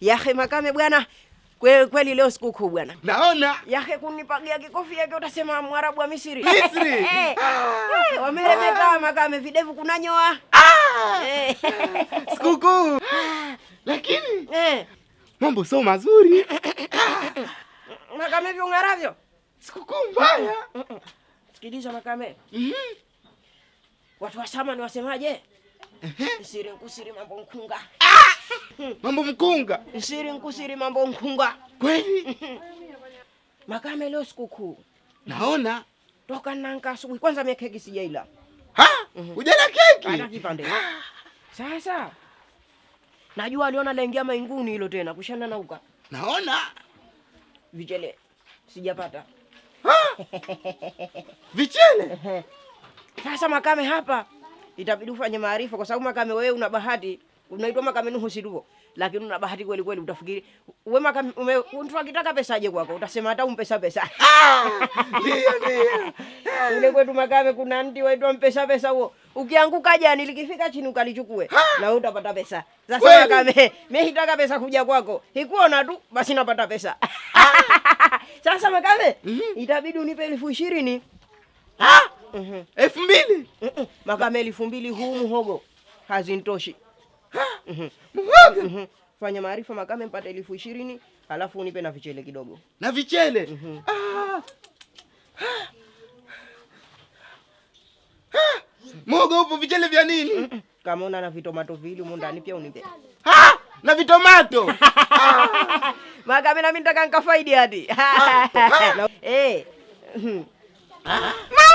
Yahe Makame bwana, kwe, kweli leo sikukuu bwana. Naona. Yahe kunipagia kikofi yake utasema Mwarabu wa Misri. Misri. hey, eh. ah. eh, wameremeka ah. Makame videvu kunanyoa. Ah! Hey. Eh. Sikukuu. Ah. Lakini hey. Mambo sio mazuri. Makame vyongaravyo. Sikukuu mbaya. Sikiliza Makame. Mhm. watu wa Shama ni wasemaje? Nsiri nkusiri mambo mkunga. Ah! Mambo mkunga. Nsiri nkusiri mambo mkunga. Kweli? Makame leo sikuku. Naona toka nanka asubuhi kwanza mie keki sijaila. Ha? Mm -hmm. Ujala keki? Ana kipande. Ah! Sasa najua aliona laingia mainguni hilo tena kushana na uka. Naona vichele sijapata. Ha? Vichele? Sasa Makame hapa itabidi ufanye maarifa, kwa sababu Makame wewe una bahati, unaitwa Makame Nuhu Siduo, lakini una bahati kweli kweli. Utafikiri wewe Makame, mtu akitaka pesa aje kwako, utasema hata umpesa pesa. Ndio ndio ile kwetu Makame kuna mti waitwa mpesa pesa huo, ukianguka jani likifika chini ukalichukue na wewe utapata pesa. Sasa Makame, mimi hitaka pesa kuja kwako, hikuona tu basi napata pesa. Sasa Makame, mhm. itabidi unipe elfu ishirini. Ah! Mm-hmm. elfu mbili makame, elfu mbili huu muhogo hazintoshi. Mhm. Mm-hmm. Fanya maarifa makame, mpate elfu ishirini alafu unipe na vichele kidogo. Na vichele? Mhm. Ah. Muhogo upo vichele vya nini? Kama una na vitomato vili humu ndani pia unipe. Na vitomato. Makame, nami nitaka nikafaidi hadi. Eh.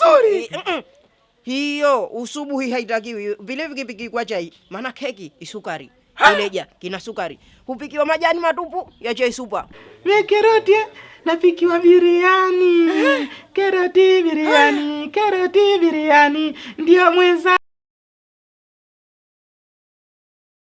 vizuri. Mm, mm. Hiyo usubuhi haitakiwi. Vile kwa chai, maana keki isukari ileja kina sukari, hupikiwa majani matupu ya chai supa we keroti napikiwa biriani keroti biriani keroti biriani ndio mwenza